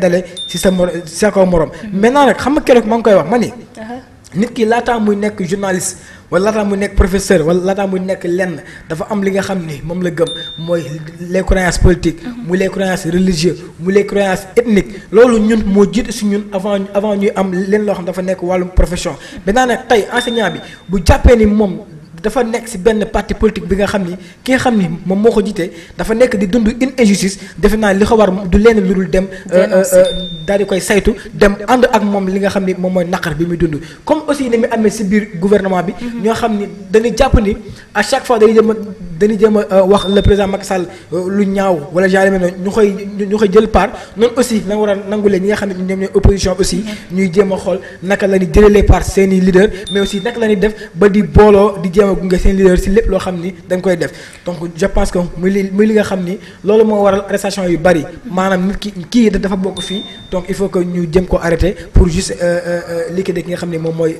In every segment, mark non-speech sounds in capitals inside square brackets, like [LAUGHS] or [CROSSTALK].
dale ci sa morom ci sa kaw morom mhm. maintenant nag xam nga keroog maa ngi koy wax ma ni uh-huh. nit ki laataa muy nekk journaliste wala laataa muy nekk professeur wala laataa muy nekk lenn dafa am li nga xam ni moom la gëm mooy les croyances politique uh-huh. mu les croyances religieuses mu les croyances ethniques loolu ñun moo jiite si ñun avant avant ñuy am leen loo xam dafa nekk wàllum profession uh-huh. maintenant nag tey enseignant bi bu jàppee ni moom dafa nekk si benn parti politique bi nga xam ni ki nga xam ni moom moo ko jiite dafa nekk di dund une injustice defe naa li ko war du leen lu dul dem. Euh, euh, euh, daal di koy saytu dem ànd ak moom li nga xam ni moom mooy naqar bi muy dund. comme aussi ni mu amee si biir gouvernement bi. Mm-hmm. ñoo xam ni dañuy jàpp ni à chaque fois day dem dañuy jéem euh, wax le président Macky Sall euh, lu ñaaw wala genre mel ñu koy ñu koy jël part non aussi na war a nangulee ñi nga xam ne ñoom ñooy opposition aussi ñuy jéem a xool naka la ñuy jëlee part seen i leader mais aussi naka la ñuy def ba di booloo di jéem a gunge seen leader si lépp loo xam ni dañ koy def donc je pense que muy li muy li nga xam ni loolu moo waral arrestation yu bari maanaam nit ki kii dafa bokk fii donc il faut que ñu jëm ko arrêter pour juste euh, liquider ki nga xam ne moom mooy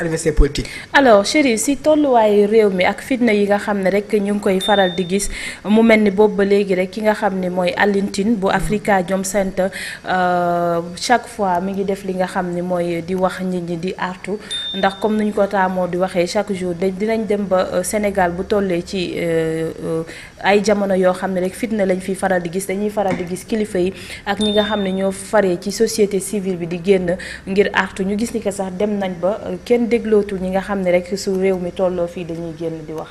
adversaire politique alors chérie si tolluwaayu réew mi ak fitna yi nga xam ne rek dëkk ñu ngi koy faral di gis mu mel ni boobu ba léegi rek ki nga xam ne mooy Alioune Tine bu Africa Jom Center euh, chaque fois mi ngi def li nga xam ne mooy di wax nit ñi di artu ndax comme nuñ ko taamoo di waxee chaque jour dinañ dem ba euh, Sénégal bu tollee ci euh, ay jamono yoo xam ne rek fitna lañ fi faral di gis dañuy faral di gis kilifa yi ak ñi nga xam ne ñoo faree ci société civile bi di génn ngir artu ñu gis ni que sax dem nañ ba kenn déglootul ñi nga xam ne rek su réew mi tolloo fii dañuy génn di wax.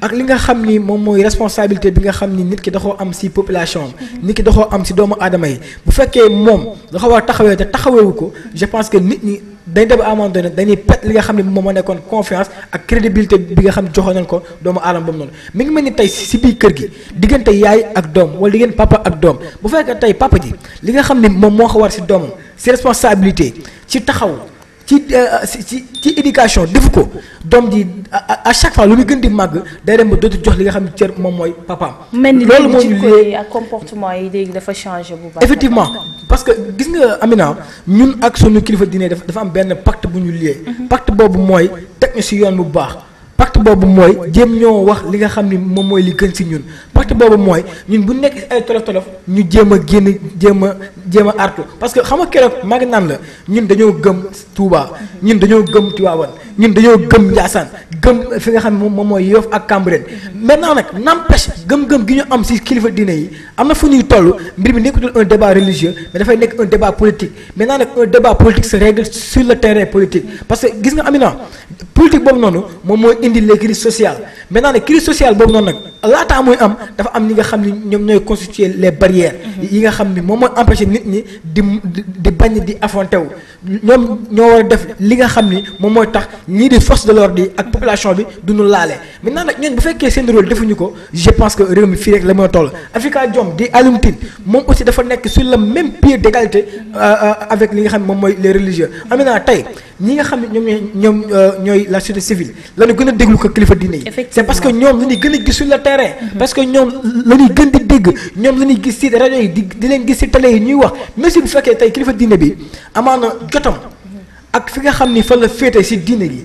ak li nga xam ni moom mooy responsabilité bi nga xam ni nit ki daxoo am si population nit ki daxoo am si doomu aadama yi bu fekkee moom dafa war a taxawee te taxaweewu ko je pense que nit ñi dañ dem à un moment donné dañuy pet li nga xam ne moom moo nekkoon confiance ak crédibilité bi nga xam joxoon nañ ko doomu aadama boobu noonu mi ngi mel ni tey si biir kër gi diggante yaay ak doom wala diggante papa ak doom bu fekkee tey papa ji li nga xam ne moom moo ko war si doomam si responsabilité ci taxaw Euh, ci ci ci éducation defu ko doom ji à chaque fois lu muy gën di màgg day dem ba dootu jox li nga xam ne cër moom mooy papaam. loolu moo ñu liggéey comportement yi léegi dafa changé bu baax. effectivement parce que gis nga Amina ñun ak sunu kilifa diine dafa am benn pacte bu ñu lié. Mhm. pacte boobu mooy teg ñu si yoon bu baax. pacte boobu mooy jéem ñoo wax li nga xam ni moom mooy li gën si ñun pacte boobu mooy ñun bu nekk ay tolof tolof ñu jéem génn jéem a jéem a artu parce que xam nga keroog maa ngi naan la ñun dañoo gëm Touba ñun dañoo gëm Tiwaawan ñun dañoo gëm Ndiassane gëm fi nga xam ne moom mooy Yoff ak Cambérène maintenant nag n'empêche gëm-gëm gi ñu am si kilifa diine yi am na fu ñuy toll mbir mi nekkatul un débat religieux mais dafay nekk un débat politique maintenant nag un débat politique se règle sur le terrain politique parce que gis nga Amina politique boobu noonu moom mooy indi les crises sociales maintenant nag boobu noonu nag dafa am li nga xam ni ñoom ñooy constituer les barrières mhm. yi nga xam ni moom mooy empêcher nit ñi di di bañ di affronté wu ñoom ñoo war a def li nga xam ni moom mooy tax ñii di force de l'ordre yi ak population bi du ñu laale maintenant nag ñooñu bu fekkee seen rôle defuñu ko je pense que réew mi fii rek la mën a toll Afrika Jom di Alioune Tine moom aussi dafa nekk sur le même pied d'égalité euh, euh, avec li nga xam ne moom mooy les religieux amina tay ñi nga xam ne ñoom ñooy ñoom euh, ñooy la société civile la ñu gën a déglu ko kilifa diine yi c'est parce que ñoom li ñu gën a gis sur le terrain mhm. parce que ñoom la ñuy gën di dégg ñoom la ñuy gis si rajo yi di di leen gis si télé yi ñuy wax même si bu fekkee tey kilifa diine bi amaana jotam ak fi nga xam ni fan la féete si diine yi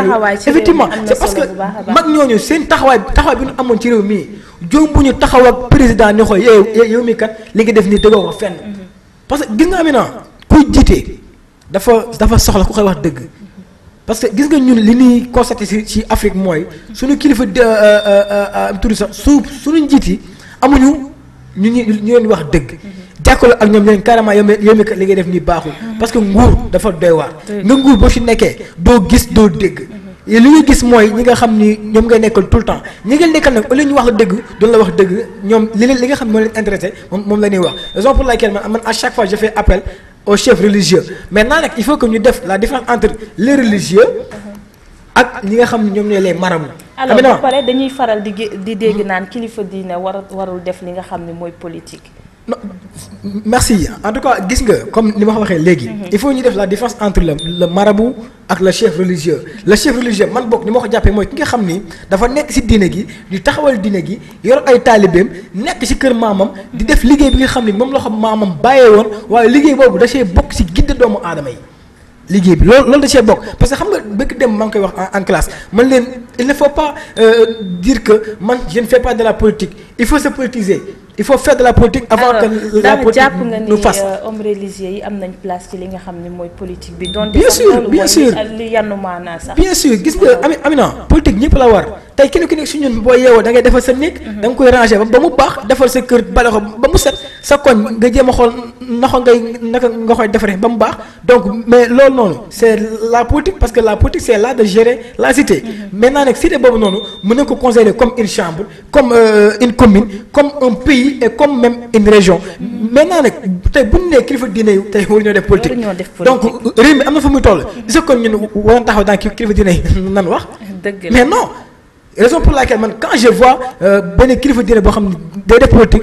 taxawaay effectivement c'est parce que mag ñooñu seen taxaway taxaway bi ñu amoon ci réew mi jom bu ñu taxaw ak président ni xoy yow yow mii kat li nga def ni dëggoo ko fenn mhm. parce que gis nga Amina kuy jiite dafa dafa soxla ku koy wax dëgg parce que gis nga ñun li ñuy constaté ci ci Afrique mooy suñu kilifa tourisme euh, euh, euh, su suñu njiit yi amuñu ñu ñu ñu leen wax dëgg mhm ak ñom li def parce que nguur dafa doy nga nguur gis tout le temps ñi nga nekkal ñu wax pour man à chaque fois je fais appel au chef religieux maintenant il faut que ñu def la différence entre les religieux ak ñi nga les marabouts alors dañuy faral politique non merci en tout cas gis nga comme ni ma ko waxee mhm. il faut ñu def la différence entre le le marabout ak le chef religieux. le chef religieux man boog ni ma jappé moy ki nga xamni dafa nek ci diine gi di taxawal diine gi yor ay talibem nek ci kër mamam di def liggéey bi nga xamni ni moom la ko maamam bàyyee woon waaye liggéey boobu da cee bok ci gidde doomu adamay yi. liggéey bi loolu loolu da cee bok parce que xam nga bëgg dem maa koy wax en classe man leen il ne faut pas euh, dire que man je ne fais pas de la politique il faut se politiser il faut faire de la politique avant que la politique nous fasse. Euh, hommes religieux place politique bi. donc bien sûr bien sûr bien sûr nga politique la war ñun avez des da ngay sa mhm. koy ranger ba mu baax sa ba mu vous donc mais la politique parce que la politique c'est là de gérer la cité. Mhm. maintenant la cité comme une chambre comme euh, une commune comme un pays et comme même une région maintenant nag tey bu ñu nee kilifa diine yi def politique donc réew mi am na fa muy toll est-ce que ñun waroon taxaw dans kilifa diine yi [LAUGHS] nan wax mais non raison pour laquelle quand je vois euh, benn kilifa diine boo xam ne def politique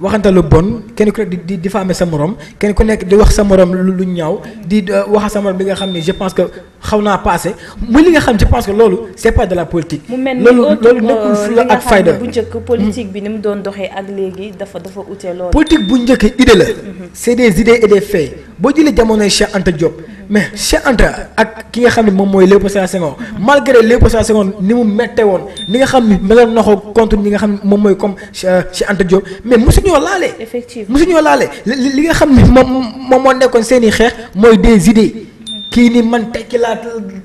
waxante lu bon kenn ku nekk di di diffamer sa morom kenn ku nekk di wax sa morom lu lu ñaaw di euh, wax sa morom bi nga xam ne je pense que xaw naa passé muy li nga xam je pense que loolu c'est pas de la politique. loolu loolu nekkul euh, fulla ak fayda bu njëkk politique hmm. bi ni mu doon doxee ak léegi dafa dafa ute loolu. politique bu njëkk idée la. Hmm. c'est des idées et des faits. boo jëlee jamono jamonoy Cheikh Anta Diop mais Cheikh Anta ak ki nga xam ne moom mooy Léopold Sédar Senghor malgré Léopold Sédar Senghor ni mu mette woon ni nga xam ni meloon na ko contre nga xam ne moom mooy comme euh, Cheikh Anta Diop mais mosuñoo laale. effectivement mosuñoo laale li nga xam ne moom moom moo nekkoon seen i xeex mooy des idées kii ni man tekki laa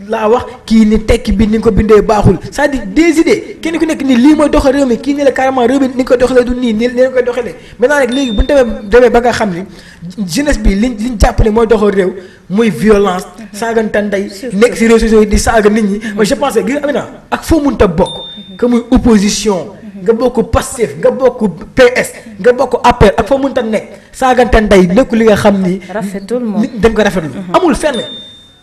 la wax kii ni tekki bi ni ko bindee baaxul c'est-à-dire des idées kenn ku nek ni li moy doxal rew mi ki ni la carrément réew mi ni ko doxale du ni ni nga ko doxale maintenant nag léegi bu ñu ba nga xamni jeunesse bi liñ liñ jàpp ne mooy doxal réew muy violence saagante day nek ci réseaux sociaux di saaga nit ñi mais je pensais que Amina ak fo mun ta bok que moy opposition nga bokku Pastef nga bokku PS nga bokku APR ak fo mun ta nekk saagante day nekku li nga xam ni dañ ko rafetul mm-hmm. amul fenn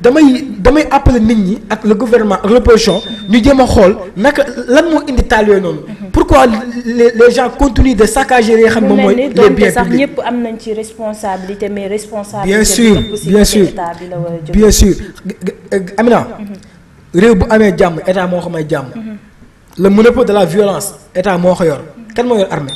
damay damay appeler nit ñi ak le gouvernement ak l'opposition ñu jéem a xool naka lan moo indi taal yooyu noonu. pourquoi les gens continuent de saccager yi xam moom mooy. les biens publics ñëpp am nañ ci responsabilité mais responsabilité. bien sûr bien sûr bien sûr Amina. réew bu amee jàmm état moo ko may jàmm. Mm-hmm. le monopole de la violence état moo ko yor kan moo yor armée.